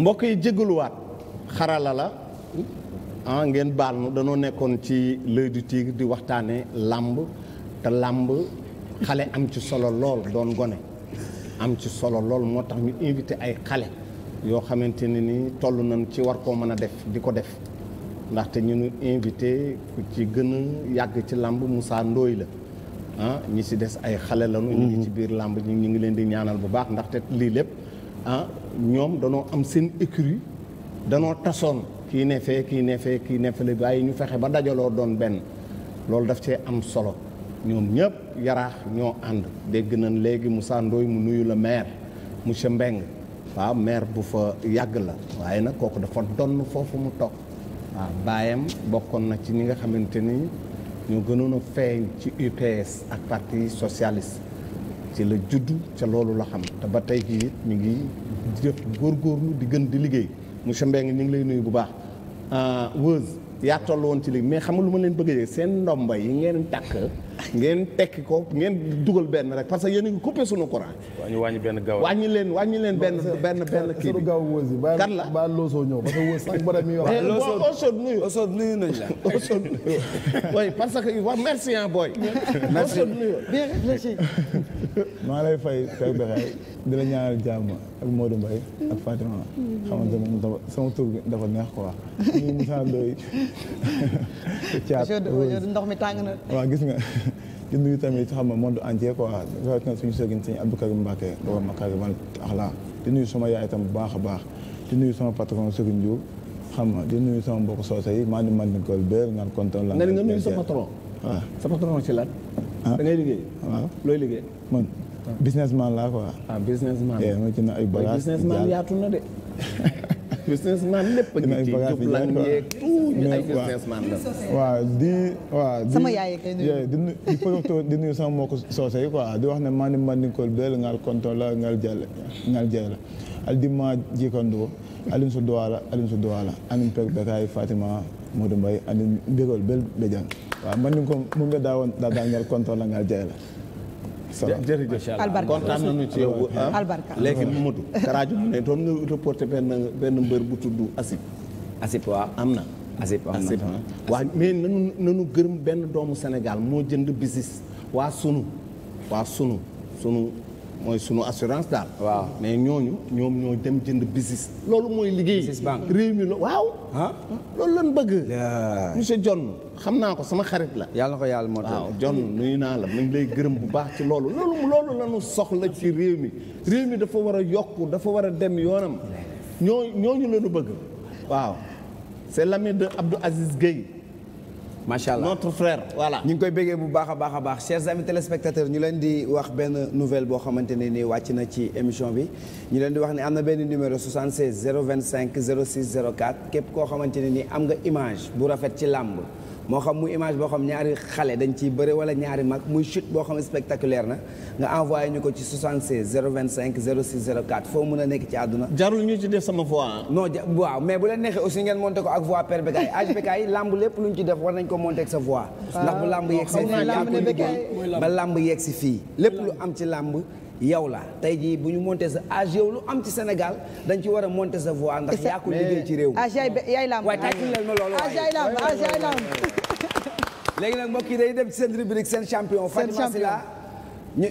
mbokk yi jégaluwaat xarala la ah ngeen baal nu danoo nekkoon ci l'Oeil du Tigre di waxtaane làmb te làmb xale am ci solo lool doon gone am ci solo lool moo tax ñu invité ay xale yoo xamante ne ni toll nañ ci war koo mën a def di ko def ndaxte ñu nu invité ku ci gëna yàgg ci làmb Moussa Ndoye la ah ñi si des ay xale lañu. ñu ngi ci biir làmb ñi ñu ngi leen di ñaanal bu baax ndaxte lii lépp ah ñoom danoo am seen écurie danoo tasoon kii ne fee kii ne fee kii ne fee waaye ñu fexe ba dajaloo doon benn loolu daf cee am solo ñoom ñëpp yaraax ñoo ànd dégg nañ léegi mu Ndoye mu nuyu la maire monsieur Mbeng waaw maire bu fa yàgg la waaye nag kooku dafa donn foofu mu toog waaw baayam bokkoon na ci ñi nga xamante ni ñoo gënoon a feeñ ci UPS ak parti socialiste ci la juddu ca loolu la xam te ba tey jii ñu ngi góor góorgóorlu di gën di liggéey monsieur Mbengue ñu ngi lay nuyu bu baax euh, Weuz yaa toll woon ci léegi mais xam nga lu ma leen bëgg a seen ndomba yi ngeen takk ngeen tekki ko ngeen dugal benn rek parce que yéen a ngi coupé suñu courant. wàññi wàññi benn gaaw wàññi leen wàññi leen benn benn benn kii bi. kan la ba loosoo ñëw parce que sax borom mi wax. loosoo nuyu loosoo nuyu nañ parce que waa merci ah booy. merci loosoo nuyu maa lay fay Père Bécaye di la ñaanal jàmm ak Modou Mbaye ak Fatima xamante moom dafa sama tur bi dafa neex quoi ñu Moussa Ndoye caat ndox mi tàng na waaw gis nga di nuyu tamit xam nga monde entier quoi rawatina suñu sëriñ sëñ Abdou Karim Mbacké dawar ma kari man axla di nuyu sama yaay itam bu baax a baax di nuyu sama patron sëriñ Diouf xam nga di nuyu sama mbokk soose yi maa di man nicole béer ngaan kontaan la nga nuyu sa patron waaw sa patron si la Ah. da ngay liggéey. waaw ah. looy man laa quoi. ah eh, ay bagages businessman yaatu di waaw di sama yaay kay nuyu. di di sama mbokku soose yi quoi di wax ne mani mani bel ngal konto la ngal jàll ngal jàll al di ma jikandoo alim so dowala alim so dowala anim pek bekay fatima modou mbay anim mbégol bel bejan waaw man ni ko mun nga daawoon daa daangal kontoon la ngaa jaay la. jërëjëf albarka kontaan nañu ci yow ah. albarka léegi Mamadou Karajo mu ne doon nga reporté benn mbër bu tudd Asip Asip waaw am na Asip am na ah. mais nanu nanu gërëm benn doomu Sénégal moo jënd bisis waa sunu waa sunu sunu mooy sunu assurance daal. waaw mais ñooñu ñoom ñoo dem jënd business. loolu mooy liggéey business banque réew mi la waaw. ah loolu lañ bëgg. monsieur jon xam naa ko sama xarit la. yàlla na ko yàlla moo tax waaw nuyu naa la mu ngi lay gërëm bu baax ci loolu loolu loolu lañu soxla ci réew mi réew mi dafa war a yokk dafa war a dem yoonam ñoo ñooñu lañu bëgg waaw c'est l'ami de Abdou Aziz macha allah notre frère voilà. ñu ngi koy béggee bu baax a baax a baax chers amis téléspectateurs ñu leen di wax benn nouvelle boo xamante ne ni wàcc na ci émission bi ñu leen di wax ne am na benn numéro 76 025 06 04 képp koo xamante ne ni am nga image bu rafet ci làmb moo xam muy image boo xam ñaari xale dañ ciy bëre wala ñaari mag muy chute boo xam spectaculaire na nga envoyé ñu ko ci 76 025 06 04 foo mun a nekk ci àdduna. jarul ñu ci def sama voix. non ja waaw mais bu leen neexee aussi ngeen monté ko ak voix per Bécaye âge Bécaye lamb lépp luñ ci def war nañ ko monté ak sa voix. ndax bu làmb ah, yegg si fii ba lépp lu am ci làmb yow la tey jii bu ñu monté sa âge yow lu am ci Sénégal dañ ci war a monté sa voix ndax yaa ko liggéey ci réew mi. âge yaay la am waaye tàcc leen ma loolu léegi nag mbokk yi day dem ci seen rubrique seen champion. seen champion ñu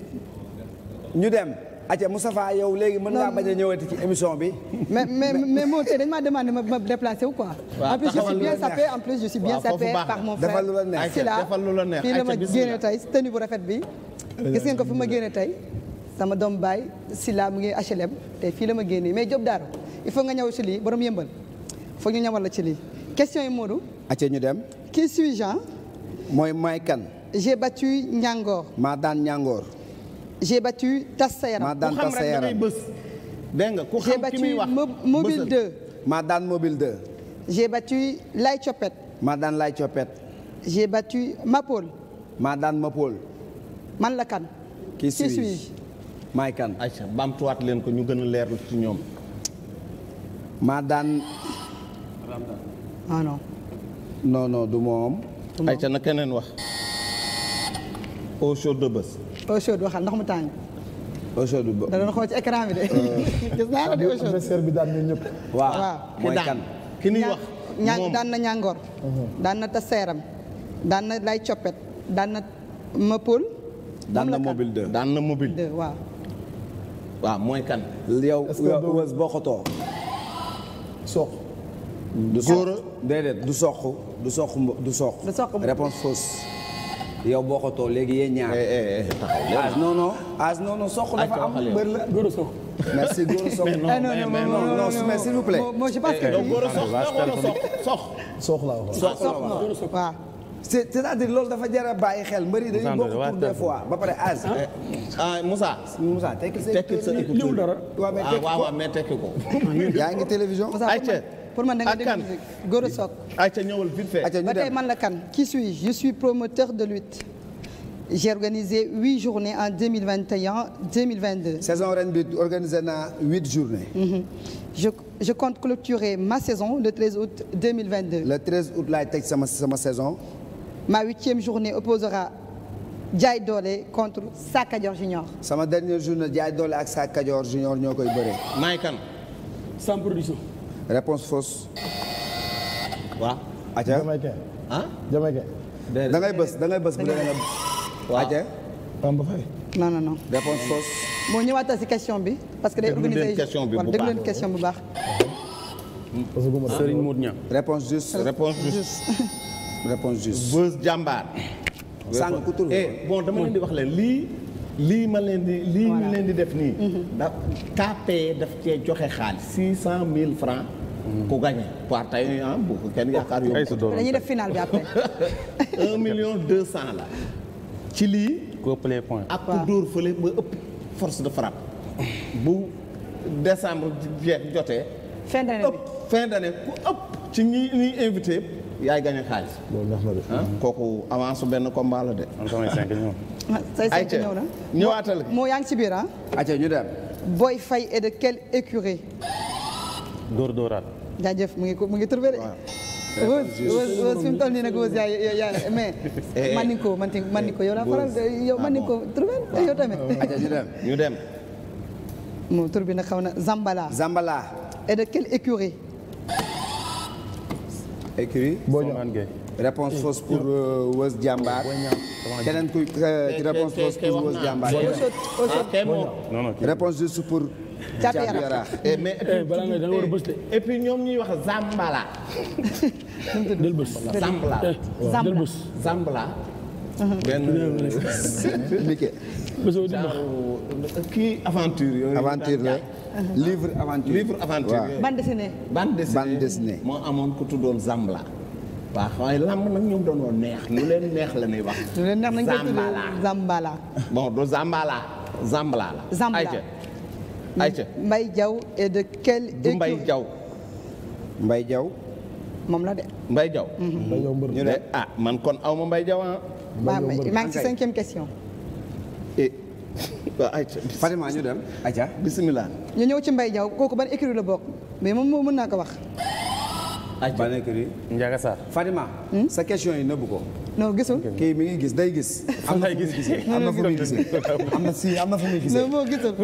ñu dem. aca Moustapha yow léegi mën ngaa bañ a ñëwati ci émission bi. mais mais mais moo tey dañ maa demandé ma ma déplacé wu quoi. en plus je suis bien sapé en plus je suis bien sapé par mon frère. defal lu la neex defal lu la neex fii la ma génne tey tenue bu rafet bi. gis ngeen ko fi ma génne tey. sama doom baay Silla mu ngi HLM te fii la ma génnee mais Diop Daaro il faut nga ñëw ci lii borom yëmbal foog ñu ñëwal la cili question yi Modou. acca ñu dem. qui suis mooy mooy kan. j'ai battu Ñangoor. maa daan Ñangoor. j'ai battu tas sa yaram. maa daan ku xam rek da ngay bës. dégg nga ku xam ki muy wax j'ai mobile 2. maa daan mobile 2. j'ai battu Lay Copet. maa daan Lay Copet. j'ai battu Mapol. maa daan Mapol. man la kan. qui suis maay kan ayca baamtuwaat leen ko ñu gën a leerlu ci ñoom maa daan ah non du moom ayca na keneen wax eau de bës eau chaude waxal ndax mu tàng eau chaude bu da doon xool ci écran bi de euh, daan ñun ñëpp waaw mooy kan ki wax daan na ñàngoor daan na taseeram daan na lay coppet daan na ma daan na mobile 2 daan na mobile 2 waaw waaw mooy kan. yow yow Wes bokkutoo. soq. du soq déedéet du soq du soq du soq. du soq réponse yow bokkutoo léegi yéen ñaar. taxaw non non. as non non soq dafa am bëri la góor soq. merci góor soq. mais non mais non non mais s'il vous plaît. moi je pense que. góor soq la waaw. c'est cest à loolu dafa jar bàyyi xel mbëri dañuy bokk pour des fois ba pare az ah, ah Moussa. Moussa tekki sa dara. Ah, waaw waaw mais tekki ko. yaa ngi télévision. ayca pour man da nga ah, déglu musique Goro Sock. ayca ñëwal vite man la kan qui suis-je je de lutte. j'ai organisé huit journées en deux mille vingt et un deux mille saison ren bi organisé naa huit journées. Mm-hmm. je je compte clôturer ma saison le treize août deux vingt deux. le treize août laay teg sama sama saison. Ma huitième journée opposera Jaay Doole contre Sakadior Junior. sama dernière journée Jaay Doole ak Sakadior Junior ñoo koy bëree. maay kan. sans production. réponse fausse. waaw. atia Jamaïcain. ah Jamaïcain. da ngay bës da ngay bës bu dee da ngay bës. waaw atia. Bamba Faye. non non non. réponse fausse. moo ñëwaat si question bi. parce que day organiser question bi bu baax bu baax. Serigne Mournia. réponse juste. réponse juste bës jàmbaar. sànq ku tur eh, bon dama leen di wax leen lii. lii ma leen di lii ñu leen di def nii. Mhm. da KPE daf cee joxe xaalis. six cent mille francs ku gagné par tey ah bu ko kenn yaakaar yóbbu. dañuy def final bi après. un million deux cent la. ci lii. ku ëpp les points ak ku dóor fële ba ëpp force de frappe. bu décembre jeex jotee. fin d'année bi ku ëpp ci ñi ñuy invité. yaay gagné xaalis. loolu kooku avance benn combat la de. man samay cinq ñëw. Ah, moo yaa ngi ah. ayca ñu dem. Boy Faye et de quelle écurie. Dóor Dóoraat. mu ngi ko mu ngi mais. Eh, eh. man ni ko man man ni ko yow laa faral yow ko ah, trouvé yow tamit. ñu dem ñu dem. moom tur bi nag xaw na Zambala. Zambala. et de quelle écurie. écrit Souleyman Gueye réponse eh, fausse pour euh, Weuz Diambar keneen ku ci euh, réponse fausse pour Weuz Diambar réponse juste pour Capiara eh, mais euh, eh, et puis ñoom ñuy wax Zambala Zambala Zambala mhm. benn Bousso di Mbax kii aventure yooyu. aventure la livre aventure. livre aventure yooyu bande dessinée. bande dessinée bande dessinée. moo amoon ku tuddoon Zambala. waaw waaye lamb nag ñoom doon woon neex lu leen neex la ñuy wax. lu leen neex nañ ko tuddee Zambala bon du Zambala Zambala la. Zambala ayca jaw Mbaye et de quel. du Mbaye Diaw. Mbaye Diaw. moom la de. mbay Diaw. Mbaye ñu ne ah man kon aw ma Mbaye Diaw ah. maa ngi question. et eh, waaw ayca. Fatima ñu dem ayca bisimilah. ñu ñëw ci Mbaye Diaw kooku ban écurie la bokk mais moom moo mën naa ko wax. ayca ban écurie. Ndiaga Sarr Fatima. Hmm? sa question yi nëbbu ko. non gisul. kii mi ngi gis day gis. am na gis gis am na fu muy gis am na si am na fu muy gis. non moo gisul.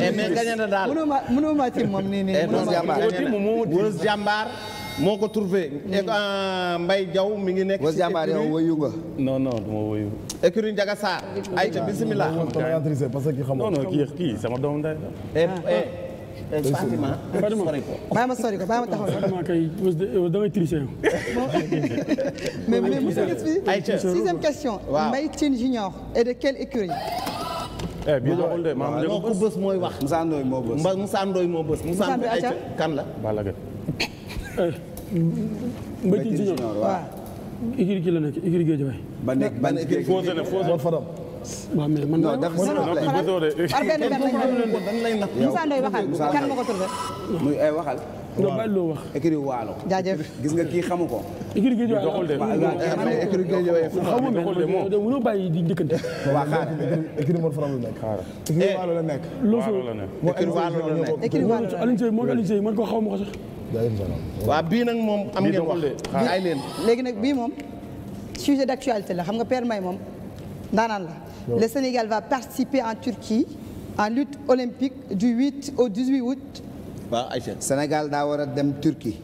Eh, mais gagné na daal mënoo ma mënoo ma ci moom nii nii. Eh, mënoo ma ci jàmbaar moo ko trouvé. Euh, Mbaye Diaw mi ngi nekk. ci écurie yow woyu nga. non non du ma woyu. écurie Ndiaga Sarr. ay ca bisimilah. parce que kii xam non non kii kii sama doom ndey la. Fatima. Fatima sori ko. baa ma sori ko baa ma taxaw. Fatima kay da ngay tricher. mais mais monsieur Gaspy. sixième question. waaw Mbaye Tine Junior. et de quelle écurie. eh bii doxul de maam ko bës mooy wax. Moussa Ndoye moo bës. Moussa Ndoye moo bës. Moussa Ndoye kan la. Balla Mbaye Tine Junior waaw. Ikiri kii la nekk Ikiri géej waay. ban ban Ikiri foose na foose Mor Fadam. waaw mais man non dafa si noppi bësoo de. par benn benn lañ la ko Moussa Ndoye waxal kan ma ko tur muy ay waxal. nga bàyyi loo wax. écurie waalo. jaajëf gis nga kii xamu ko. écurie géej waay doxul de mais écurie géej waay xamul de mënoo bàyyi di njëkkante. waa xaar écurie Mor Faram la nekk. xaar écurie waalo la nekk. loo soo écurie waalo la nekk. écurie waalo la nekk. Alioune Seye moom Alioune Seye man ko xaw ma ko sax. waa bii nag moom am ngeen wax ay léegi nag bii moom sujet d'actualité la xam nga Père moom ndaanaan la le Sénégal va participer en Turquie en lutte olympique du 8 au 18 août waaw Aïcha Sénégal daa war a dem Turquie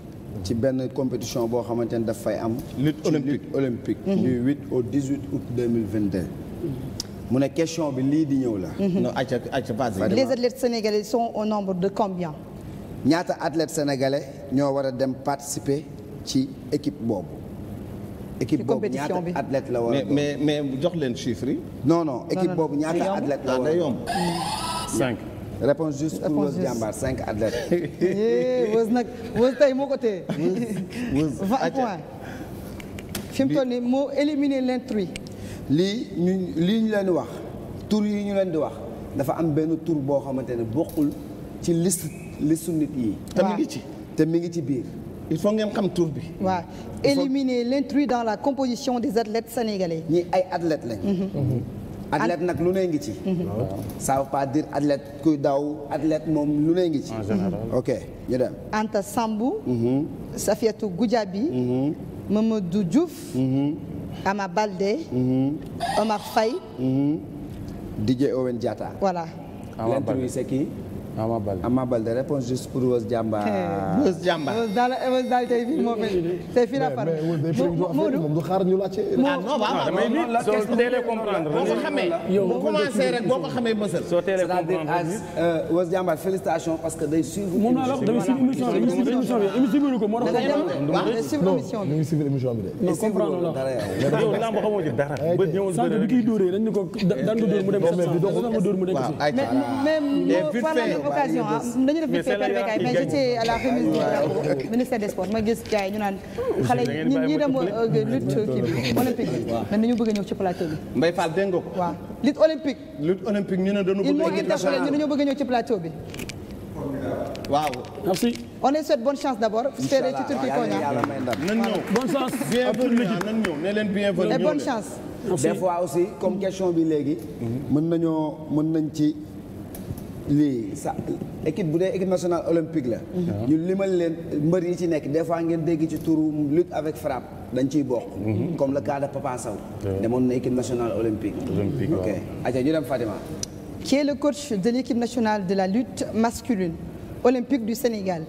ci benn compétition boo xamante ne daf fay am lutte olympique olympique mhm. du 8 au 18 août 2022 mu ne question bi lii di ñëw la non Aïcha Aïcha les athlètes sénégalais sont au nombre de combien ñaata athlète sénégalais ñoo war a dem participer ci équipe boobu. équipe boobu ñaata athlète la war a mais mais jox leen chiffre yi. non non équipe boobu ñaata athlète la ah, war a yomb. cinq. réponse juste pour Wëz jàmbaar cinq athlètes. Wëz nag moo ko téye. Wëz vingt points. moo éliminer l'intrus. lii ñu lii ñu leen di wax tur yi ñu leen di wax dafa am benn tur boo xamante ne bokkul ci liste. listu nit yi. te mi ngi ci biir. il faut ngeen xam tur bi. waaw éliminer l'intrus dans la composition des athlètes sénégalais. ñi ay athlètes lañ. Mhm. Mhm. Mhm. athlète nag lu ne ngi ci. ça pas dire athlète kuy daw athlète moom lu ne ngi ci. ok ñu dem. Anta Sambou. Safiatou Goudiaby. Mamadou Diouf. Ama Baldé. Omar Faye. Ama Baldé l'intrus c'est qui. Ama Balde Ama Balde réponse juste pour Weuz Diamba. Weuz Diamba Weuz daal Weuz eh, daal tey fii moo fi tey fii la par. Moodu moom du xaar ñu laajte. ah non waaw ah, damay nit soo teelee comprendre. boo ko xamee yow boo commencé rek boo ko xamee mësal. soo teelee comprendre c'est-à-dire Weuz Diamba félicitations parce que day suivre. moom naa la damay suivre émission bi damay suivre émission bi émission bi ko moo tax. damay suivre émission bi non damay suivre émission bi de. non comprendre la yow lamb xamoo ci dara. bët ñëwul dara sànq bi kiy dóoree dañ ne ko daan ko dóor mu dem. mais mais mais l'occasion ah dañu def vite fait Père Bécaye mais j'étais à la remise du drapeau ministère des sports ma gis gars yi ñu naan xale ñi ñi dem euh, euh, lutte kii bi olympique bi mais dañu bëgg a ñëw ci plateau bi Mbaye Fall dégg nga ko waaw lutte olympique lutte olympique ñu ne dañu bëgg ñu dañoo bëgg a ñëw ci plateau bi waaw merci on est souhaite bonne chance d'abord seede ci turki koña nan ñëw bonne chance bienvenue ah, nan ñëw ne leen bienvenue et bonne chance des fois aussi comme question bi léegi mën nañoo mën nañ ci lii sa équipe bu dee équipe nationale olympique la. Mhm. ñu limal leen mbër yi ci nekk des fois ngeen dégg ci turu lutte avec frappe dañ ciy bokk. Mhm. comme le cas Papa Sow. demoon na équipe nationale olympique. olympique ok ayca ñu dem Fatima. qui est le coach de l'équipe nationale de la lutte masculine olympique du Sénégal.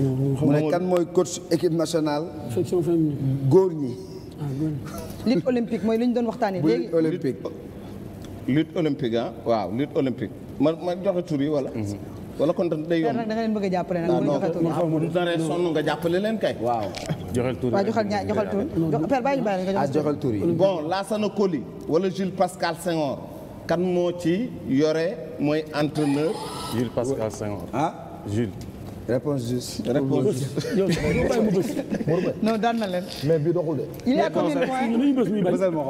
mu ne kan mooy coach équipe nationale. Ah, góor ñi. lutte olympique mooy li ñu doon waxtaanee léegi olympique. lutte olympique ah waaw lutte olympique ma ma joxe tur yi wala. Mhm. wala kon day yomb da nga leen bëgg a jàppale nag. Ah, non non nga jàppale leen kay. waaw joxal tur yi joxal ñaar joxal tur yi. joxal ah, tur yi. bon Lassana Coly wala Jules Pascal Senghor. kan moo ci yore mooy entraîneur. Jules Pascal Senghor ah Jules. réponse juste. réponse juste mais bi doxul de. il est à combien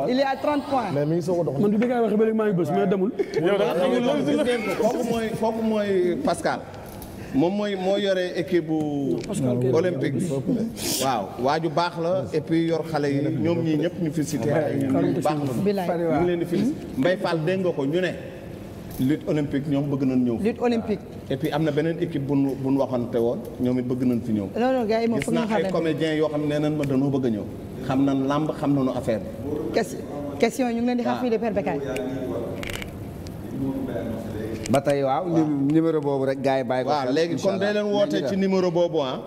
il est à points. mais mi ngi soog a dox. man du dëgg waxe ba léegi maa ngi bës mais demul. yow da kooku mooy Pascal. moom mooy moo yore équipe bu olympique waaw waa ju baax la et puis yor xale yi ñoom ñii ñëpp ñu félicité ay baax la ñu ngi leen di félicité Mbaye Fall ko ñu ne lutte olympique ñoom bëgg nañ ñëw. lutte olympique et puis am na beneen équipe bu nu bu nu waxante woon ñoom it bëgg nañ fi ñëw. non non gars yi naa ay comédiens yoo xam ne nee ma dañoo bëgg a ñëw. xam na làmb xam nañu affaire bi. question ñu ngi leen di xam fii de Père Bécaye. Ah. ba tey waaw. numéro boobu rek gars yi bàyyi ko. waaw léegi kon day leen woote ci numéro boobu ah.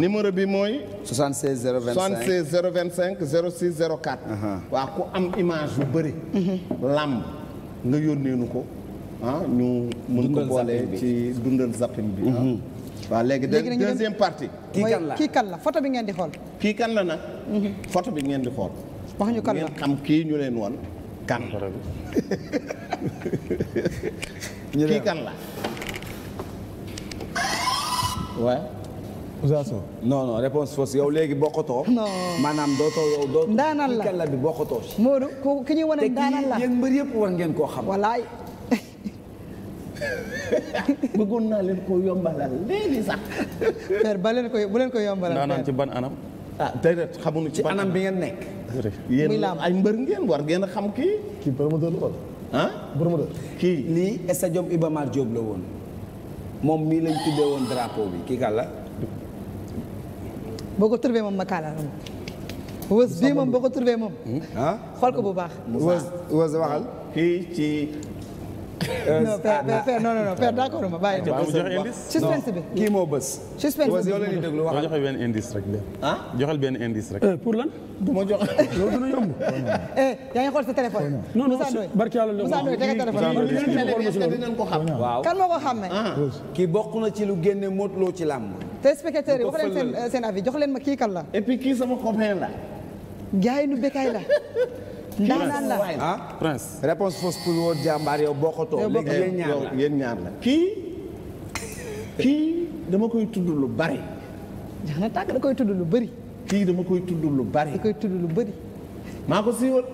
numéro bi mooy. 76 cinq 76 025 06 04. waa ku am image yu bëri. Mhm. làmb nga yónnee nu ah ñu mën ko boole ci dundal zapping bi ah. mhm. waa léegi deuxième partie kii kan la kii kan la photo bi ngeen di xool kii kan la nag mhm. photo bi ngeen di xool wax ñu kan la kii ñu leen woon kan kii kan la waaw Ousseynou non non réponse fausse yow léegi bokkatoo. non maanaam dootoo yow dootoo. la kii la bokkatoo. Modou ki ñuy wane ndaanal la te mbër yëpp war ngeen koo xam. bëggoon naa leen ko yombalal léegi sax. père ba leen koy bu leen koy yombalal. naanaan ci ban anam. ah déedéet ci anam bi ngeen nekk. yéen ay mbër ngeen war ngeen a xam kii. kii promoteur la woon. ah promoteur. kii lii stade Iba Mar Diop la moom mii lañ tuddee woon drapeau bi kii kan la. boo ko trouvé moom ma kaalaal moom. wës bii moom boo ko trouvé moom. ah xool bu baax. wës wës waxal. kii ci. non père père non non non ma bàyyi. waaw joxe indice suspense bi kii moo bës. suspense bi yow la ñuy déglu wax benn indice rek de. Ah? joxel benn indice rek. Eh, pour lan du ma jox loolu dina yomb. Eh, yaa ngi xool sa téléphone. non non barki yàlla Moussa Ndoye teg téléphone. ko xam. waaw kan moo ko ah. bokk na ci lu génne motloo ci làmb. téléspectateurs yi leen seen seen avis jox leen ma kii kan la. et puis kii sama copain la. gars yi nu bekkaay la. ndaanaan la ah réponse fausse pour wóor jàmbaar yow bokkatoo. yow bokkatoo léegi ñaar la kii. kii dama koy tudd lu bari. jax na da koy tudd lu bari. kii dama koy tudd lu bari. da koy tudd lu bari. maa ko siiwal.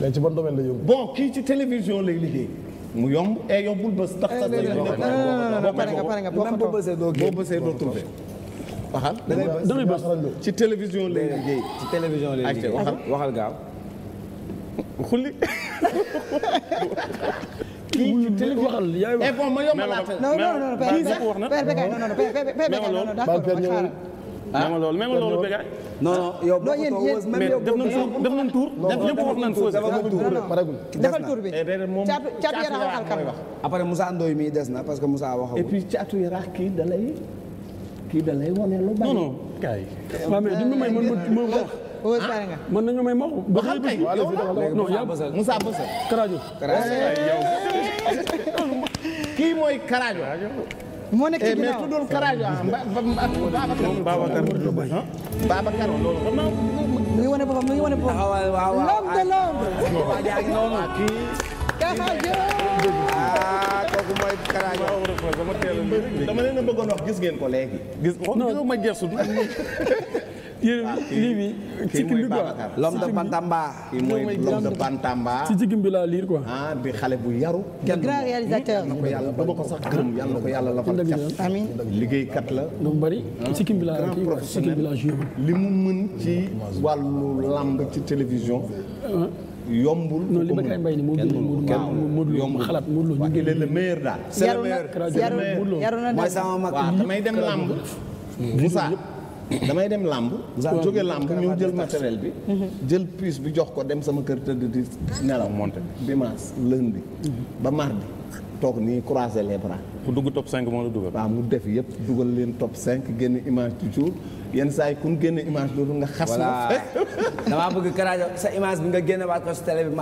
léegi ci bon domaine la yow boo kii ci télévision lay liggéey. mu yomb e yombul bës tax tax. boo nga pare nga boo bësee doo trouvé. waxal da ngay bës ci télévision lay liggéey ci télévision lay liggéey waxal waxal gaaw. xulli. kii ci télévision waxal yaay wax. Eh, bon ma yombalaat non non non kii sax non non non non non non non non yow boo ko def nañ tour ñëpp wax nañ foofu defal tour bi caatu yaraax waxal kan après Moussa Ndoye mi des na parce que Moussa waxagul et puis caatu yaraax kii da lay kii da lay wane lu bari. non non kay. waaw mais duñu may mën ma wax. mën nañu may ma wax. ba xam kay non yow Moussa Bosse. Karajo. kii mooy Karajo. moo nekk ci ginnaaw mais tuddul Karajo ah Babacar. Babacar mu ngi wane boppam mu ngi wane boppam. l'homme de l'ombre. ah kooku dama leen bëggoon wax gis ngeen ko léegi. gis nga ma gëstu. yéen lii bi ci bi quoi l'homme de Bantamba. kii jigéen bi laa liir quoi. ah xale bu yaru. kenn grand réalisateur. yàlla ko ba ko sax gërëm yàlla ko yàlla la fa cat. amiin liggéeykat la. lu bari ah, ci bi laa kii li mu mën ci wàllu lamb ci télévision. Ah. yombul. non li ma kaay mbay nii moo gën moo dul yombul xalaat moo dul ñu gën le meilleur daal. c'est le meilleur yaru na mooy sama mag waaw damay dem làmb. Moussa damay dem làmb. waaw jóge làmb ñëw jël matériel bi. Mhm. jël puce bi jox ko dem sama kër tëdd di nelaw monte dimanche lundi mhm. ba mardi. toog nii croiser les bras. ku dugg top 5 moo la dugal. waaw mu def yëpp dugal leen top 5 génn image toujours. yenn saa yi ku génn image boobu nga xas. ma fekk damaa bëgg Karajo sa image bi nga génne waat ko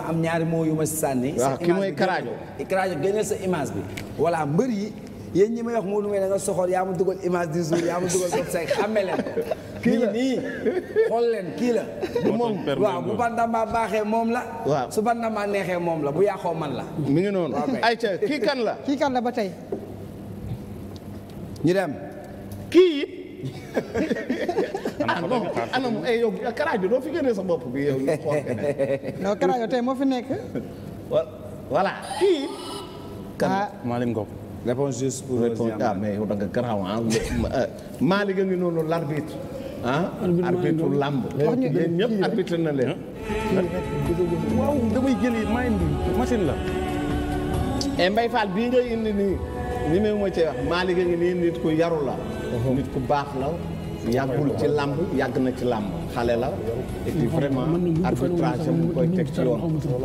am ñaari moo yu ma si sànni. waaw ki mooy Karajo Karajo sa image bi. voilà mbër yi yéen ñi may wax Modou Mbaye nga soxor yaa ma dugal image du jour ma dugal top 5 xàmme leen ko. kii la xool leen kii la. bu moom waaw baaxee moom la. waaw su bandamba neexee moom la bu yàqoo man la. mi ngi noonu. ayca kii kan la. kii kan la ba tey. ñu dem. kii. ah non eh, yow Karajo doo fi génnee sa bopp bi yow ñu xool keneen. non Karajo tey moo fi nekk. kii. kan ah. Malick Ngom. réponse juste pour euh, répondre ah mais yow da nga garaaw ah. Euh, Malick a ngi noonu l'arbitre ah arbitre làmb. yéen ñëpp arbitre na leen. waaw damay jëli maay machine la. et eh, Mbaye bii ngay indi nii. li may ma cee wax Malick a ngi nii nit ku yaru la uh-huh. nit ku baax la yàggul ci làmb yàgg na ci làmb xale la et puis vraiment arbitrage mu koy teg ci yoon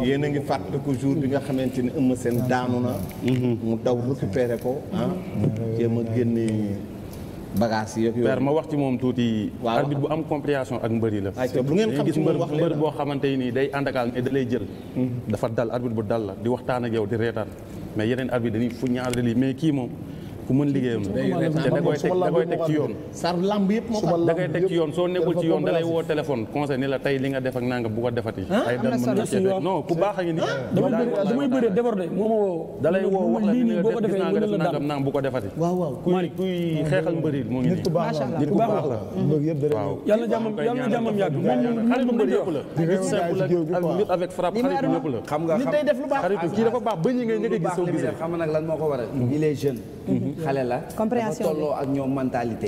yéen a ngi fàttaliku jour bi nga xamante ni ëmm seen ah. daanu na mm-hmm. mu daw récupéré ko ah mm-hmm. jéem génne bagage yi yëpp ma wax ci moom tuuti waaw arbitre bu am compréhension ak mbër yi la lu ngeen xam ci moom wax mbër boo xamante yi nii day ànd ak ne lay jël mm-hmm. dafa dal arbitre bu dal la di waxtaan ak yow di reetaan mais yeneen arbitre dañuy fu ñaareel yi kii moom ku mën liggéeyam te da koy teg da koy teg ci yoon da koy teg ci yoon soo nekkul ci yoon da lay woo téléphone conseil ni la tey li nga def ak nanga bu ko defati ay a kuy xeexal mbëri moo nit ku baax la nit simple ak la nit day def lu baax xarit kii dafa baax ba ñi ngay ñëkk gis soo gisee xale la. compréhension bi tolloo ak ñoom mentalité.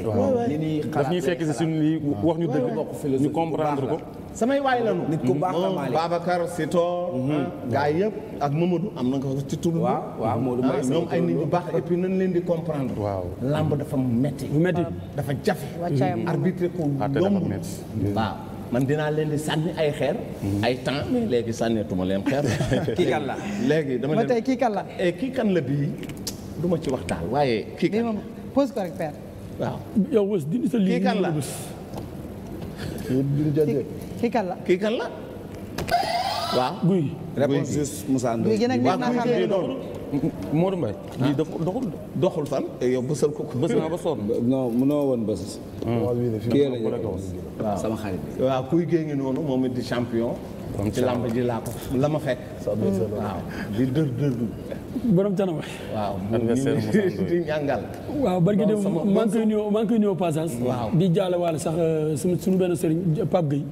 li ñuy xalaat daf ñuy fekk si suñu lii wax ñu dëgg. ñu comprendre ko. samay waay la nit ku baax la Malick Babacar Sitor. Mhm. Ah, gaa yëpp ak Mamadou am na ko ci tur. waaw waaw ah, Mamadou mooy ñoom ay nit ñu baax et puis leen di comprendre. waaw làmb dafa metti metti dafa jafe. wàccaayam mhm. arbitre ko yomb waaw. man dinaa leen di sànni ay xeer. Mhm. ay temps léegi sànneetuma leen xeer. kii kan la léegi dama la. Eh, kii kan la bii. duma ci wax waaye. kii kan moom pose ko rek père. waaw yow wës dindi sa lii. kii kan la kii kan la kii kan waaw guy. réponse juste Moussa Ndoye. guy ah. doxul doxul fan. Eh, yow bësal ko bës naa ba sonn. non woon bës. Hmm. sama xarit bi. waaw kuy géey ngi noonu moom it di ci làmb ji laa ko la ma fekk. waaw di dër dër borom canaba. waaw adversaire Moussa Ndoye di ñàngal. waaw barki dem maa ngi koy nuyoo maa ngi koy nuyoo passage. di jaale waale sax eh, suñu benn sëriñ Pape Gueye.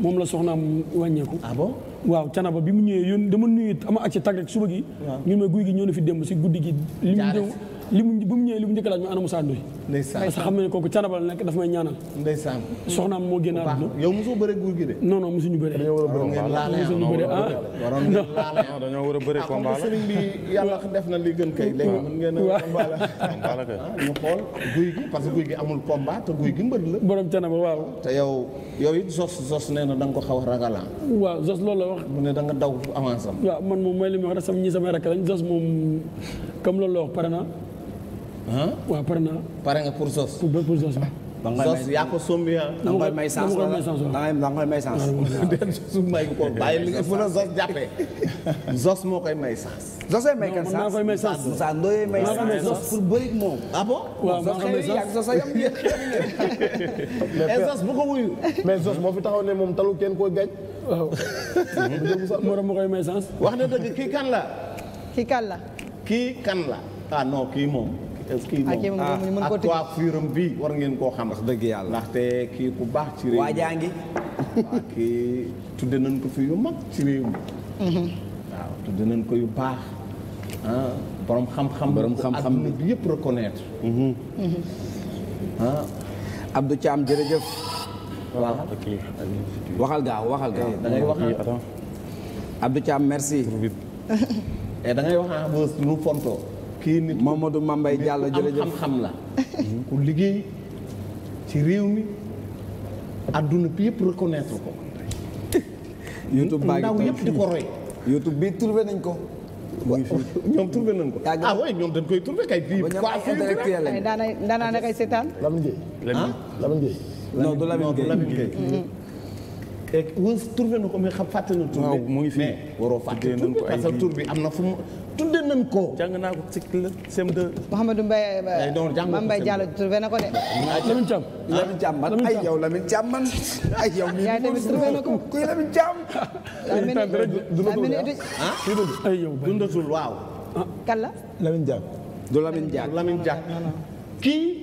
moom la soxnaam wàññeeku. ah bon waaw canaba bi mu ñëwee yoon dama nuyu ama ak ci tag rek suba gi. ñu mooy guy gi ñëw na fi démb si guddi gi. li mu li mu bu mu li mu njëkk laaj mooy ana Moussa Ndoye. ndeysaan parce que xam ne kooku canabal nekk daf moo génn yow mosoo bëre guur gi de. non non mosuñu bëre. dañoo war a bëre ngeen laale ah dañoo war a bëre ah, combat la. sëriñ def na li gën kay. léegi mën a combat ah, xool guy gi parce que guy gi amul combat te guy gi mbër la. boroom canaba waaw. te yow yow it zos zos nee na da nga ko xaw a ah. waaw zos loolu la wax. mu ne da nga daw avance am. waaw man moom mooy li ma wax rek sama ñi samay rakk lañ zos moom comme loolu wax pare na waaw pare naa. pare nga pour sos. pour pour sos sos yaa ko sombi ah. da nga koy may sans da nga koy may sans. suuf may ko bàyyi li nga fu la sos jàppee. sos moo koy may sans. sosay may kan sans koy may sans. Moussa Ndoye may sans pour bëri moom. ah bon waaw maa ngi may sans eh, sos bu ko wuyu. mais sos moo fi taxaw ne moom talu kenn koy gañ. waaw. morom moo koy may sans. wax na dëgg kii kan la. kii kan la. kii kan la. ah non kii moom. est-ce que ah, ah, ak yéen a bi war ngeen koo xam. wax dëgg yàlla ndaxte kii ku baax ci réew mi waajaa nañ ko yu mag ci mhm. nañ ko yu baax ah borom xam-xam. borom xam-xam bi adduna bi yëpp reconnaître. Mhm. Mhm. Ah. jërëjëf. waaw waxal gaaw waxal gaaw. Eh, da ngay wax Abdou Thiam merci. Eh, da ngay wax ah ba lu fontoo. kii moo Mamadou Mambay Diallo jërëjëf xam-xam la ku liggéey ci réew mi adduna bi yëpp reconnaître ko YouTube baa ngi ndaw yëpp di ko roy YouTube bi trouvé nañ ko ñoom trouvé nañ ko ah oui ñoom dañ koy trouvé kay fii quoi fii daanaka daanaka kay seetaan Lamine Gueye Lamine ah, du Lamine Gueye mm-hmm. wës trouvé na ko mais xam fàtte bi. waaw fi waroo fàtte tur bi parce que tur am na fu mu. tudde nañ ko. jàng naa ko ci CM2. Mouhamadou Mbaye Mame Mbaye Diallo trouvé na ko de. Lamine Thiam Lamine Thiam ay yow Lamine Thiam man ay yow. yaa tamit trouvé na ko kuy Lamine Thiam. Ah? ay yow dundatul waaw. la. Lamine Diack. du Lamine Diack kii.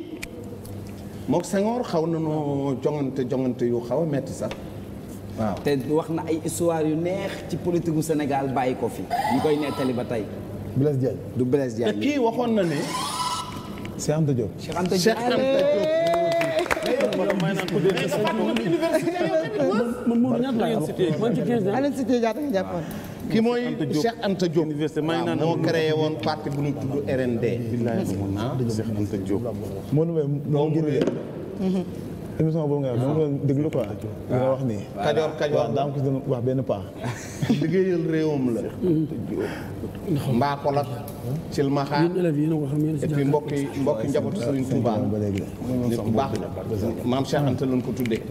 mook Senghor xaw na noo jongante jongante yu xaw a metti sax. waaw te wax na ay histoire yu neex ci politique gu Sénégal bàyyi ko fi. ñu koy nettali ba tey. Blaise Diagne du Blaise Diagne. te kii waxoon na ne. Cheikh Anta Diop. Cheikh Anta Diop ki mooy Cheikh Anta Diop waaw moo créé woon parti bu ñu tudd RND. ah Cheikh Anta Diop. moom mooy moom émission boobu nga wax dama ko déglu quoi. li nga wax nii. kajoor kajoor daa am ko si doon wax benn paa. liggéeyal réewam la. mbaa ko la. silmaxa et puis mbokki mbokki njabootu Serigne Touba. baax la maam Cheikh Anta lañ ko tuddee.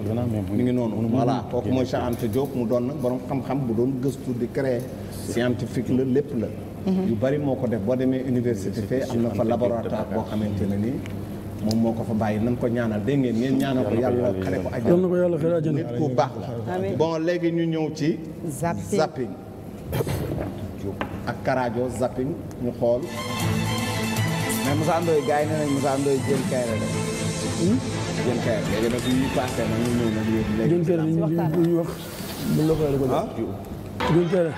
mi ngi noonu voilà kooku mooy Cheikh Anta mu doon nag borom xam-xam bu doon gëstu di créer scientifique la lépp la. Mhm. yu bari moo ko def boo demee université fee am na fa laboratoire boo xamante ne nii. moom moo ko fa bàyyi nan ko ñaanal dégg ngeen ngeen ñaanal ko yàlla xale ko àjjana na ko yàlla xale àjjana nit ku baax la bon léegi ñu ñëw ci zapping ak karaajo zapping ñu xool mais Moussa Ndoye gars yi nee nañ Moussa Ndoye jën kay de jën kay léegi nag ñu passé nag ñu ñëw nag yéen léegi jën kay la ñu wax buñ la ko yàlla ko jën ah? kay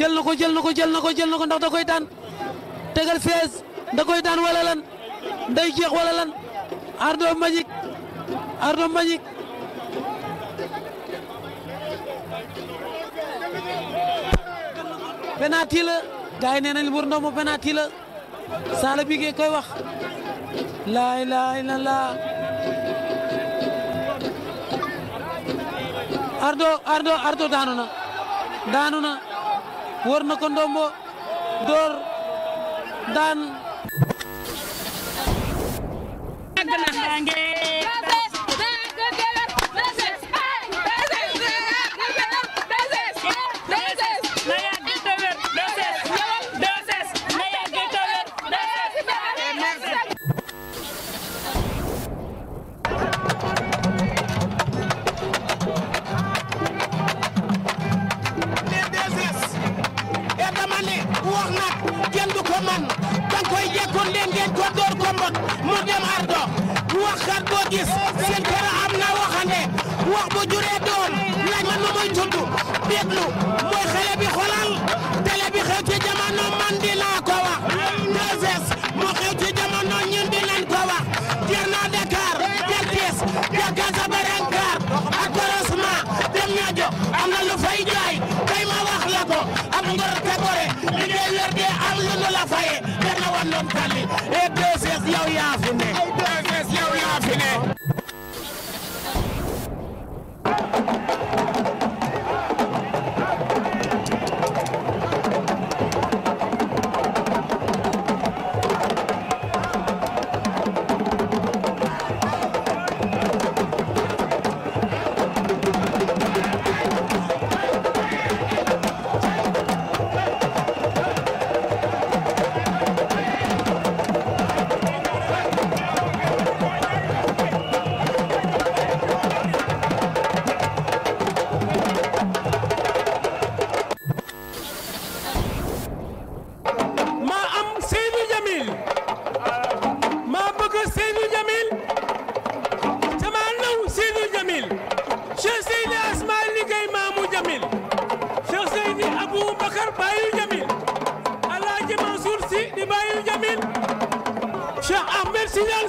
jël na ko jël na ko jël na ko jël na ko ndax da koy daan tegal fees da koy daan wala lan nday jeex wala lan ardo mañik ardo mañik penalty la gars yi nee nañ Mbour Ndom penalty la Sala bi ngeen koy wax laa ilaaha illallaah ardo ardo ardo daanu na daanu na wër na ko ndombo dóor daan. mooy juddu déglu mooy xale bi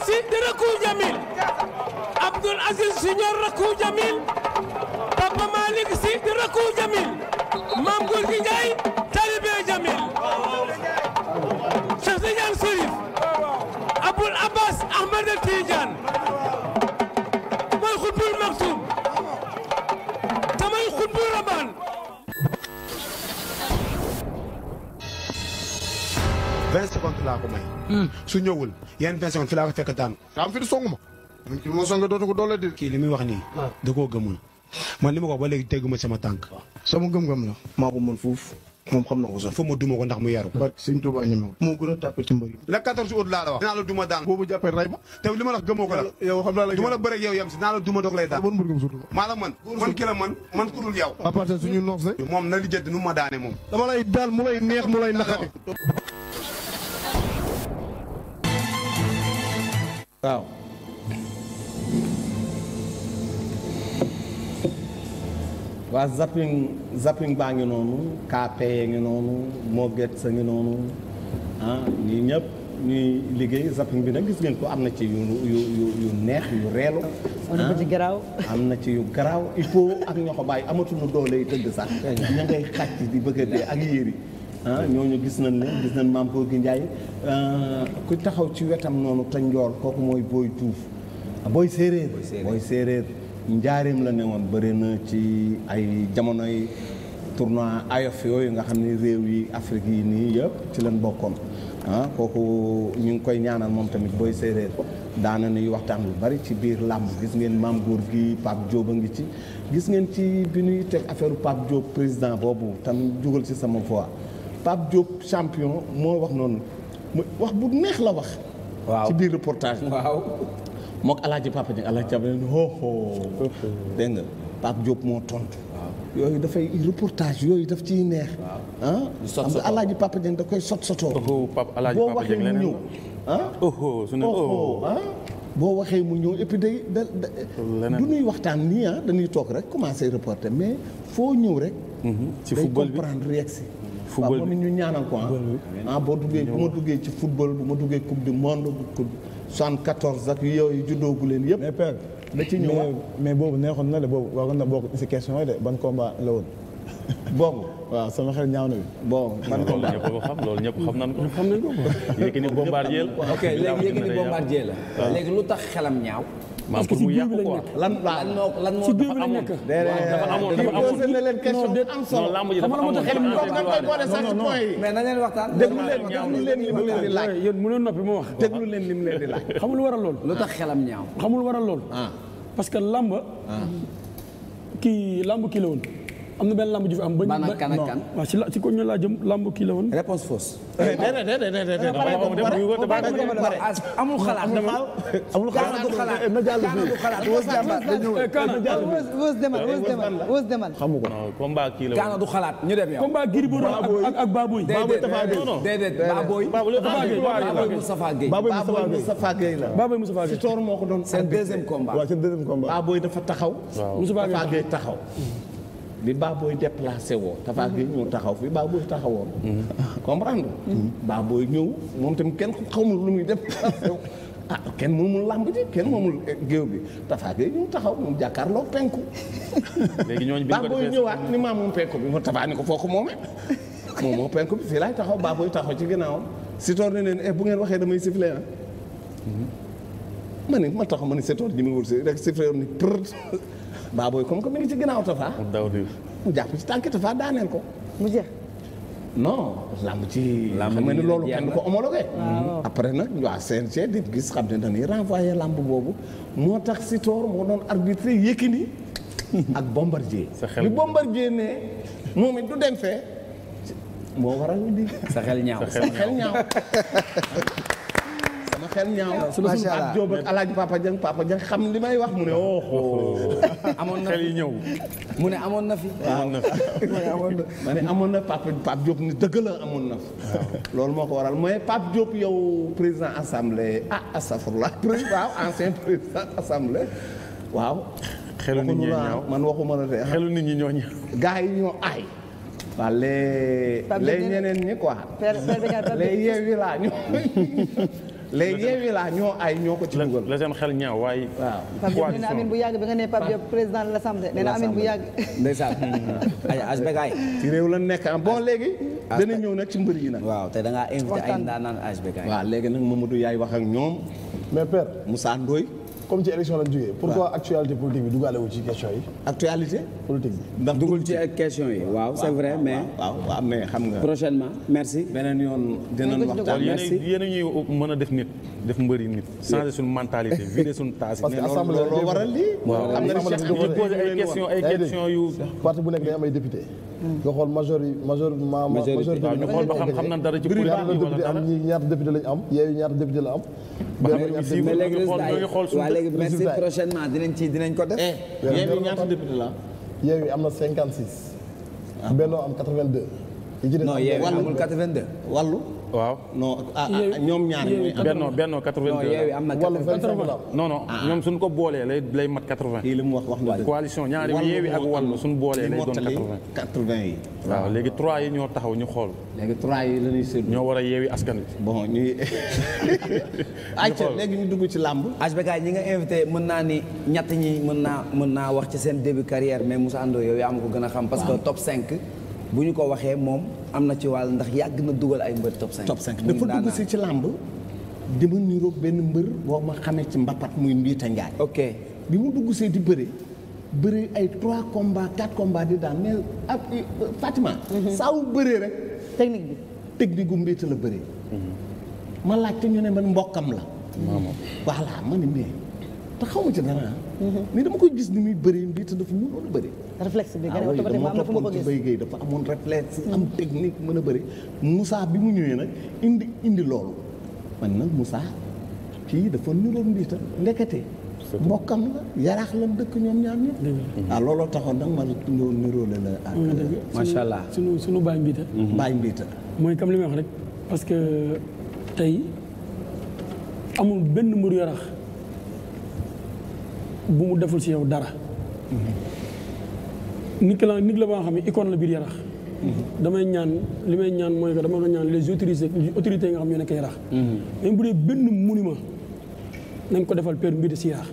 Aziz di rakku Jamil Abdoul Aziz Junior rakku Jamil Papa Malick Sy di rakku Jamil Mame Gorgui Ndiaye talibé Jamil Cheikh Tidiane Chérif Aboul Abbas Ahmed Tidiane mooy xutbul maktum tamay xutbul raban vingt secondes laa ko may Mm. su ñëwul yenn personne fi laa ko fekk daan ko. am fi di song dootu ko doole kii li muy wax nii. Ah. da koo gëmul. man li ma ko ba léegi teggu ma sama tànk. Ah. sama gëm-gëm la. ma a daan. boobu jàppee rey ma. te li ma la wax gëmoo ko si dinaa la duma doog lay daan. mu lay neex mu lay naqari. waaw waa zapping zapping baa ngi noonu KPE ngi noonu Moget ngi noonu ah ñii ñëpp ñuy liggéey zapping bi nag gis ngeen ko am na ci yu neex yu reelu ah. am na ci yu garaaw il faut ak ñoo ko bàyyi amatuñu doole yi tëdd sax ña ngay xàcc di bëgg a ak yéeri Ah, ñooñu gis nañ leen gis nañ maam góor gi Ndiaye ah, ku taxaw ci wetam noonu te kooku mooy booy tuuf ah, booy séeréer booy séeréer njaareem la ne woon bëri na ci ay jamonoy tournoi ayof yooyu nga xam ne réew yi Afrique yi nii yëpp ci leen bokkoon kooku ñu ngi koy ñaanal moom tamit booy séeréer daana nuy waxtaan lu bari ci biir làmb gis ngeen maam góor gi Pape Diop a ngi ci gis ngeen ci bi nuy teg affaire Pape Diop président boobu tam jugal ci sama voix Pape Diop champion moo wax noonu wax bu neex la wax. waaw ci biir reportage bi. waaw moog alaaji Papa Dieng alaaji dégg nga Pape Diop moo tontu. yooyu dafay reportage yooyu daf ciy neex. ah xam nga alaaji Papa Dieng da koy sot sotoo. boo waxee mu ñëw ah? ah. boo waxee mu ñëw et puis day da du ñuy waxtaan nii ah dañuy toog rek commencer reporter mais foo ñëw rek. Mhm, ci football bi day comprendre football waaw moom ñu ñaanal ko ah. ah, boo duggee bu ma duggee ci football bu ma duggee coupe du monde coupe 74 ak yooyu juddoogu leen yëpp. mais père da ci ñëwaat mais boobu neexoon na de boobu na bokk ci question yi de ban combat la woon. boobu waaw sama xel ñaaw na bi bon man loolu ñëpp ko xam loolu ñëpp xam nañ ko xam nañ ko Yékini la léegi lu tax xelam ñaaw maam pour mu yàqu quoi lan lan moo dafa amoon dafa amoon dafa amoon non lamb ji dafa amoon mais na leen waxtaan déglu leen déglu leen li mu leen di laaj yéen mu leen noppi mu wax déglu leen li mu leen di laaj xamul waral lool lu tax xelam ñaaw xamul waral lool ah. parce que lamb ah. kii lamb kii la woon am na benn lamb ju fi am. bañ a kan ak kan waaw ci la ci koñ laa jëm lamb kii la woon. réponse fausse. déedéet déedéet déedéet amul xalaat amul xalaat na jàll fii kaana du xalaat wës demal xamu ko kii la kaana du xalaat ñu dem yow combat Gris Bordeaux ak Baboy déedéet Baboy Moustapha Gueye Baboy Moustapha Gueye la Baboy Moustapha Gueye si toor moo ko doon seen deuxième combat dafa taxaw Moustapha Gueye taxaw bi baabooy déplacé woo. Tapha Gueye ñëw taxaw fi baabooy taxawoon. Mm-hmm. comprendre mm-hmm. baabooy ñëw moom tamit kenn xaw xamul lu muy def. ah kenn moomul làmb ji kenn moomul eh, géew bi Tapha Gueye ñëw taxaw moom jàkkaarloo penku. léegi ñooñu bi baabooy ñëwaat ni maa moom penku bi mu Tapha ni ko foofu ko moomee. moom moo penku bi fii laay taxaw baabooy taxaw ci ginnaawam. si toor ne leen eh bu ngeen waxee damay sifflé ah. Mm-hmm. ma ne ma taxaw ma ne si toor ji ma wër si rek sifflé woon ni baabooy comme que mi ngi ci ginnaaw Tafa. daw di jàpp ci tànk Tafa daaneel ko. mu jeex. non làmb ci. làmb xam ni loolu kenn du ko homologué. après nag waa CNG di gis xam ne dañuy renvoyé làmb boobu moo tax si toor moo doon arbitré Yékini ak Bombardier. sa xel bi Bombardier ne moom it du dem fee. moo waral di. sa xel ñaaw sa xel ñaaw. xel ñaaw. sunu sunu ak Jóob ak alaaj Papa Dieng Papa Dieng xam li may wax mu ne oh. amoon na ñëw. mu ne amoon na fi. amoon na ne amoon na Papa Pape Diop ni dëgg la amoon na fi. loolu moo ko waral mooy Pape Diop yow président assemblée ah astafurlah président ancien président assemblée waaw. xelu nit ñi ñaaw man waxuma la de. Ah. xelu nit ñi ñoo ñaaw. gars yi ñoo aay. waa les les ñeneen ñi quoi. les yeewi laa ñu. léegi Yewwi laa ñoo ay ñoo ko ci dugal. la seen xel ñaaw waaye. waaw nee na Amine bu yàgg bi nga nee Pape président de l'Assemblée nee na Amine bu yàgg. ndeysaan ay HBK ci réew la nekk ah bon léegi. dana ñëw nag ci mbër yi nag. waaw te da ngaa invité ay ndaanaan HBK. waaw léegi nag Mamadou yaay wax ak ñoom. mais père Moussa Ndoye comme ci élection lañ jógee. pourquoi actualité politique bi duggaale wu ci question yi. actualité. politique bi ndax duggul ci question yi. waaw c'est vrai mais. waaw mais xam nga. prochainement merci. beneen yoon dinañ waxtaan merci a a def nit. def mbëri nit changer suñu mentalité vider suñu taas yi. parce que assemblée loo waral lii. waaw xam nga ni Cheikh ñu posé ay questions ay questions yu. parti bu nekk day am ay député. nga xool major yi major ma majorité ñu xool ba xam xam nañ dara ci pouvoir yi wala dara ñi ñaata député lañ am yeeyu ñaata député la am mais léegi léegi merci prochainement dinañ ci dinañ ko def yeeyu ñaata député la yeeyu am na 56 ah. bennoo am 82 yi ci def non yeeyu amul 82 wàllu waaw non ah, ah ñoom ñaan ñooy. benno benno quatre-vingt-deux am na non non ah, ah. ñoom suñ ko boolee lay lay mat quatre-vingt. kii li mu wax wax na coalition ñaari yeewi ak wàllu suñ boolee lay doon quatre-vingt yi. waaw léegi trois yi ñoo taxaw ñu xool. léegi trois yi la ñuy ñoo war a yeewi askan wi. bon ñuy. ayca léegi ñu dugg ci làmb. HBK ñi nga invité mën naa ni ñett ñi mën naa mën naa wax ci seen début carrière mais Moussa Ndoye yow yaa ma ko gën a xam parce que top 5 bu ñu ko waxee moom am na ci wàll ndax yàgg na dugal ay mbër top 5. top 5 dafa dugg si ci làmb dama niroog benn mbër boo ma xamee ci mbapat muy Mbiita Njaay ok bi mu dugg see di bëre bëri ay 3 combats 4 combats di daan mais ab eh, eh, Fatima. Mhm. saa bëree rek. technique bi technique gu Mbiita la bëree. Mhm. ma laajte ñu ne man mbokkam la. waaw voilà ma ne mais. te xaw ma ci dara mm-hmm. mais dama koy gis ni muy bëree mbii a bëri réflexe ah dafa amoon réflexe mm-hmm. am technique mën a bëri musaa bi mu ñëwee nag indi indi loolu man nag musaa kii dafa niroon mbii ta ndekete kam la yaraax lan dëkk ñoom ñaar ñëpp waaw mm-hmm. ah, looloo taxoon nag ma ñoo niroole la ak macha allah sunu sunu baay mbiita mooy comme li may wax rek parce que tey amul benn mbir yaraax bu mu deful si yow dara. nit ki la nit la boo xam ne icône la biir yarax damay ñaan li may ñaan mooy que dama ko ñaan les autorités autorités yi nga xam ñoo nekk yarax même bu dee benn monument nañ ko defal père Mbidi si yarax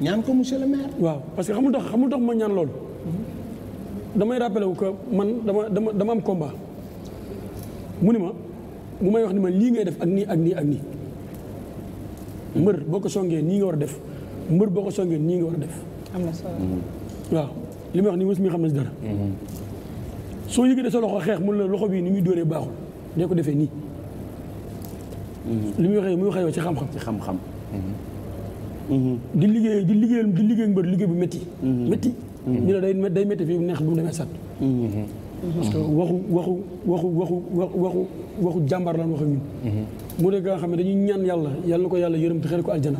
ñaan ko monsieur le maire. waaw parce que xamul tax xamul tax ma ñaan loolu. damay rappelé wu que man dama dama dama am combat mu ni may wax ni ma lii ngay def ak nii ak nii ak nii. mbër boo ko songee nii nga war a def. mbër boo ko songee nii nga war a def. am na solo mm-hmm. waaw li may wax nii mos mi xam na si dara. Mm-hmm. soo yëgee sa loxo xeex mun la loxo bii ni muy dóoree baaxul dee ko defee nii. Mm-hmm. li muy waxee muy waxee yow ci xam-xam. ci xam-xam. di liggéey di liggéeyal di liggéey mbër liggéey bu metti métti. ñu ne day day métti fii neex bu mu demee sat parce que waxu waxu waxu waxu waxu waxu jàmbaar lan wax mu nekk nga xam ne dañuy ñaan yàlla yàlla ko yàlla yërëm te xëy ko aljana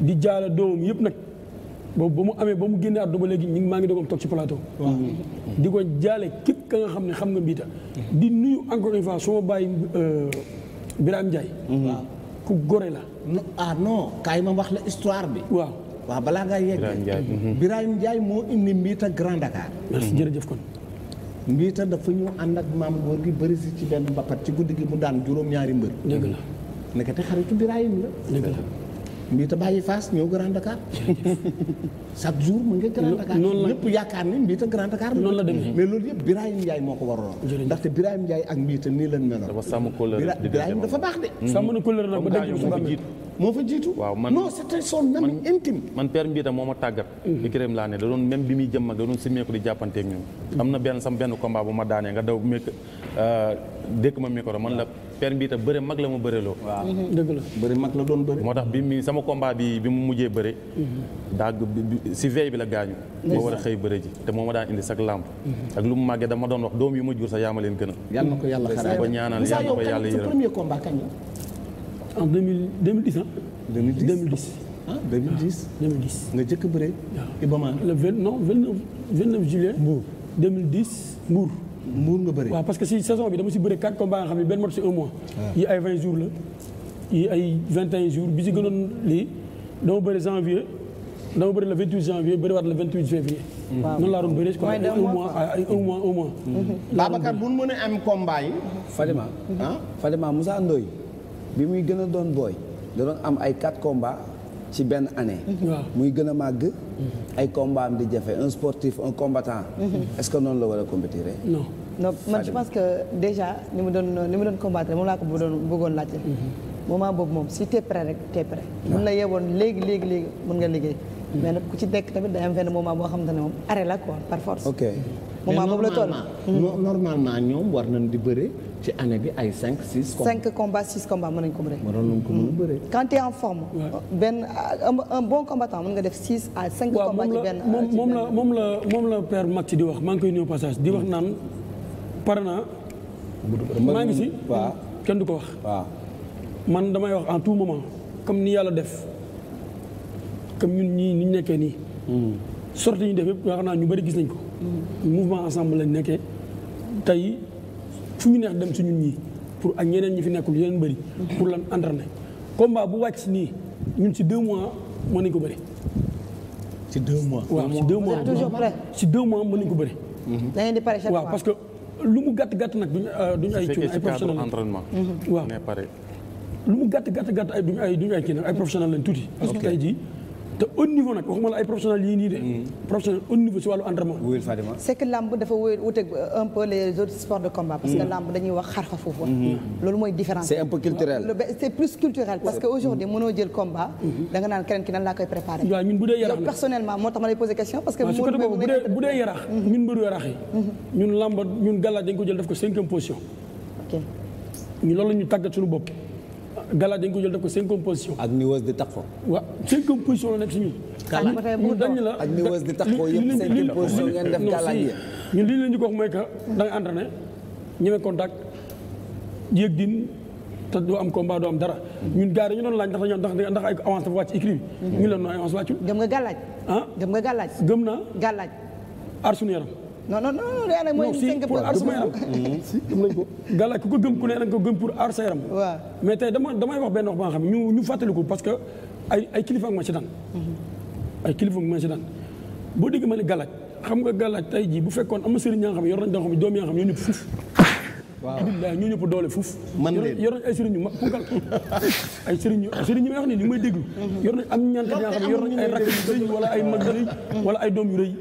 di jaale doomam yëpp nag boobu ba mu amee ba mu génnee àdduna ba léegi ñu maa ngi dogoom toog ci plateau di ko jaale képp ka nga xam ne xam nga mbiita di nuyu encore une fois suma bàyyi euh, Birame Ndiaye ku gore la ah non kaay ma wax la histoire bi waaw waaw balaa ngaa yegg Birame Ndiaye moo indi mbiita Grand Dakar merci jërëjëf kon mbiita dafa ñu ànd ak maam góor gi bëri si ci benn mbappat ci guddi gi mu daan juróom-ñaari mbër. dëgg la nekkati xaritu Birahim la. dëgg la mbiita bàyyi Fass ñëw Grand Dakar. chaque jour mu ngi Grand Dakar. noonu la ñëpp yaakaar ne mbiita Grand Dakar. noonu la demee mais loolu yëpp moo ko waroon. ndaxte Birahim Ndiaye ak mbiita nii leen meloon. dafa sàmm kóllëre di Birahim dafa baax de. sàmm na kóllëre ba dégg moo fa jiitu. waaw man non c'était son même intime. man père moo ma tàggat. di gërëm laa ne da doon même bi muy jëm mag da doon simmeeku di jàppanteeg ñun. Mhm. am na benn sam benn combat bu ma daanee nga daw mekk euh, dékk ma micro man la père Mbita bëre mag la ma bëreloo. waaw mhm. Mhm. dëgg la bëre mag doon moo tax bi mi sama combat bi bi mu mujjee bëre. daa si veille bi la gaañu. boo war a xëy bëre ji te moo ma daan indi sax làmp. ak lu mu màggee dama doon wax doom yu ma jur sax yaa ma leen gën a. yàlla na ko yàlla xaraay ba ñaanal yàlla na ko yàlla yërëm en 2000 2010 ah. 2010 ah, nga jëkk a bëree. le vingt non vingt neuf vingt neuf juillet. Mbour 2010 Mbour. Mbour nga bëree. waaw que si saison bi dama si bëree 4 combats nga xam ne benn match si ah. ay 20 jours la jours bi si gënoon lii bëri janvier. dama bëri le 28 janvier bëri waat le 28 février. waaw hmm. noonu laa doon bëree quoi ah, un mois un mois un hmm. mois. Babacar bu ñu mënee am combat yi. Fadima. ah bi muy gën a doon booy da doon am ay quatre combats ci benn année muy gën a màgg ay combat am di jafe un sportif un combattant mhm. est-ce que noonu la war a compétir non non man je pense que moom laa ko mhm. moom si t'es rek t'es mun la yeewoon léegi léegi léegi mën nga liggéey mhm. mais nag ku ci nekk tamit day am benn moment boo xam moom arrêt la quoi par force moment boobu la toll normalement ñoom war nañ di bëre ci année bi ay 5 6. combats 5 combats 6 combats nañ ko bëre. waroon nañ ko mën a bëre. Hmm. quand tu es en forme. benn un bon nga def 6 à 5. combats ci moom moom la la moom la père di wax man koy ñëw passage di wax hmm. naan pare naa. maa ngi si hmm. waaw kenn du ko wax. waaw man damay wax en tout moment comme ni yàlla def comme ñun ñii ni ñu nekkee nii. sorti ñu def yëpp nga naa ñu bëri gis nañ ko. mouvement ensemble lañ nekkee tey fu ñu neex dem si ñu ñii pour ak ñeneen ñi fi nekkul yeneen bëri. pour lan entraîner ne bu wàcc nii ñun si deux mois mën nañu ko bëri. si deux mois waaw si deux mois si deux mois mën nañu ko bëri. Mm-hmm. da ngeen di parce que lu mu gàtt gàtt nag duñu euh, duñu ay. ci ay professionnel mm-hmm. lu mu gàtt gàtt gàtt ay duñu ay duñu ay kii nag ay professionnel lañ tuuti. te au niveau nag waxuma la ay professionnels yii nii de. Hmm. professionnels au niveau si wàllu entraînement. wóyul c'est que làmb dafa wóyul wuuteeg euh, un peu les autres sports de combat. parce que hmm. làmb dañuy wax xarfa foofu. Hmm. loolu mooy différence. c'est un peu culturel. c'est plus culturel parce que aujourd'hui mënoo jël combat. da nga naan keneen ki nan laa koy préparer. waaw ñun bu dee yaraax personnellement moo ñun mbëru ñun làmb dañ ko jël def ko cinquième position. ñu loolu la ñu tàggat suñu bopp gala dañ ko jël def ko cinquième position. ak niweuse di taxaw. waaw cinquième position la nekk si ñun. kàlla dañ la ak niweuse di taxaw yëpp cinquième position ngeen def gala yi. ñun ñu ko wax mooy que da nga entraîné ñeme contact yéeg din te doo am combat doo am dara. ñun gars dañu doon laaj ndax dañoo ndax ndax ay avance dafa wàcc écrit bi. Mhm. ñu leen doon avance wàccul. dem nga gàllaaj. ah dem nga gàllaaj. gëm na gàllaaj. aar suñu yaram. non non non nee na mooy pour aar sama yaram si ko gàlla ku ko gëm ku ne nañ ko gëm pour aar sa yaram mais tey dama damay wax benn wax ba xam ñu ñu fàttaliku parce que ay ay kilifa ak ma ci mm-hmm. ay kilifa ak ma ci daan boo dégg ma ne gàllaaj xam nga gàllaaj tey jii bu fekkoon am na sëriñ ñaa nga xam yor nañ da doom yaa nga xam ñoo ñëpp fuuf waaw ñoo ñëpp doole fuuf man yor nañ ay sëriñ yu mag punkal ay sëriñ yu sëriñ yi may wax ni ñu may déglu mm-hmm. yor nañ am ñaankat ñaa nga xam yor nañ ay rakk yu rëy mm-hmm. wala ay doom yu rëy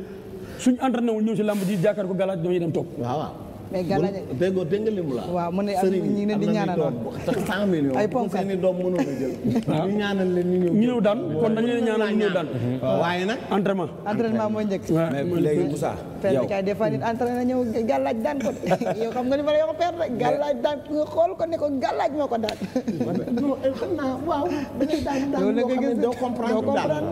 suñu entraîné wul ñëw si làmb ji jàkkaar ko galaaj dañuy dem toog. waaw waaw. mais galaaj la. waaw mu ne am na ñu ne di ñaanaloon sëriñ cent millions. ay ponkal seen i doom mënul a ah. ñëw. daan kon dañu leen ñëw daan. Ah. waaye nag entraînement. entraînement mooy njëkk. Ah. mais léegi Moussa. yow perte kay des fois nit entraîné ñëw galaaj daan ko yow xam nga ni ma la yoo ko perte galaaj daan nga xool ko ne ko galaaj moo ko daan